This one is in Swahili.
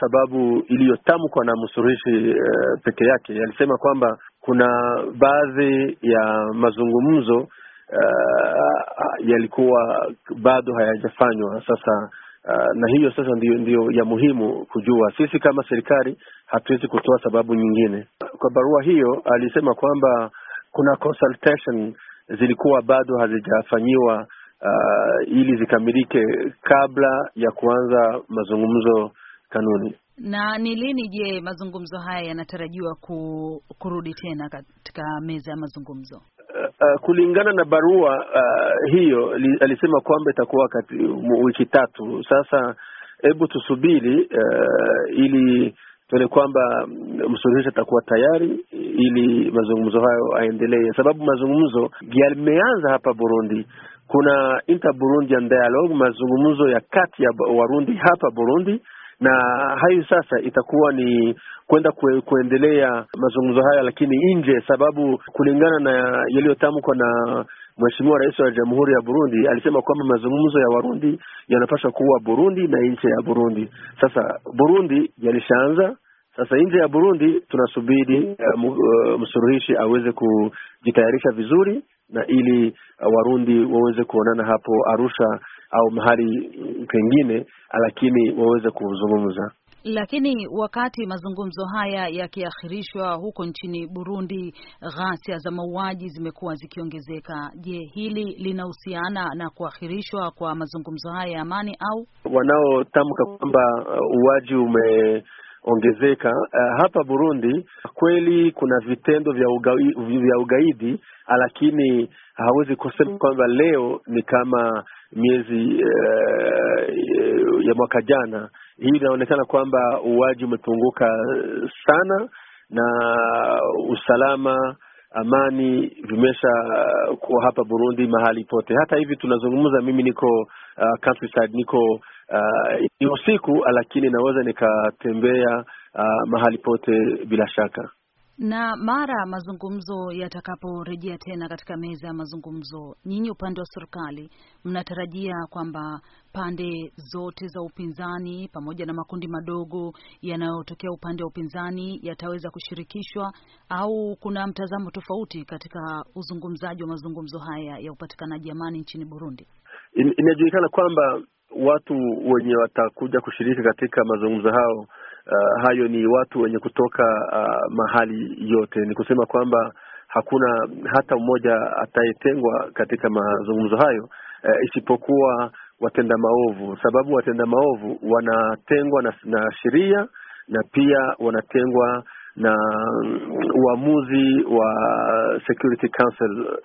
sababu iliyotamkwa na Msuruhishi uh, eh, peke yake. Alisema kwamba kuna baadhi ya mazungumzo uh, yalikuwa bado hayajafanywa sasa Uh, na hiyo sasa ndiyo, ndiyo ya muhimu kujua. Sisi kama serikali hatuwezi kutoa sababu nyingine. Kwa barua hiyo alisema kwamba kuna consultation zilikuwa bado hazijafanyiwa uh, ili zikamilike kabla ya kuanza mazungumzo kanuni. Na ni lini je mazungumzo haya yanatarajiwa ku, kurudi tena katika meza ya mazungumzo? Uh, uh kulingana na barua uh, hiyo li, alisema kwamba itakuwa wiki tatu. Sasa hebu tusubiri uh, ili tuone kwamba mm, msuluhisho atakuwa tayari ili mazungumzo hayo aendelee, sababu mazungumzo yameanza hapa Burundi. Kuna inter Burundian dialogue, mazungumzo ya kati ya Warundi hapa Burundi na hayo sasa itakuwa ni kwenda kue, kuendelea mazungumzo haya, lakini nje, sababu kulingana na yaliyotamkwa na Mheshimiwa Rais wa Jamhuri ya Burundi alisema kwamba mazungumzo ya Warundi yanapaswa kuwa Burundi na nje ya Burundi. Sasa Burundi yalishaanza, sasa nje ya Burundi tunasubiri uh, msuluhishi aweze kujitayarisha vizuri na ili eh, Warundi waweze kuonana hapo Arusha au mahali pengine, lakini waweze kuzungumza. Lakini wakati mazungumzo haya yakiahirishwa huko nchini Burundi, ghasia za mauaji zimekuwa zikiongezeka. Je, hili linahusiana na kuahirishwa kwa mazungumzo haya ya amani au wanaotamka kwamba uh, uwaji ume ongezeka uh, hapa Burundi kweli kuna vitendo vya ugaidi, vya ugaidi lakini hawezi kusema kwamba leo ni kama miezi uh, ya mwaka jana. Hii inaonekana kwamba uwaji umepunguka sana na usalama amani vimesha kuwa hapa Burundi mahali pote. Hata hivi tunazungumza, mimi niko uh, countryside, niko uh, ni usiku, lakini naweza nikatembea uh, mahali pote bila shaka na mara mazungumzo yatakaporejea tena katika meza ya mazungumzo, nyinyi upande wa serikali mnatarajia kwamba pande zote za upinzani pamoja na makundi madogo yanayotokea upande wa upinzani yataweza kushirikishwa, au kuna mtazamo tofauti katika uzungumzaji wa mazungumzo haya ya upatikanaji amani nchini Burundi? Imejulikana kwamba watu wenye watakuja kushiriki katika mazungumzo hao uh, hayo ni watu wenye kutoka uh, mahali yote. Ni kusema kwamba hakuna hata mmoja atayetengwa katika mazungumzo hayo uh, isipokuwa watenda maovu, sababu watenda maovu wanatengwa na, na sheria na pia wanatengwa na mm, uamuzi wa Security Council.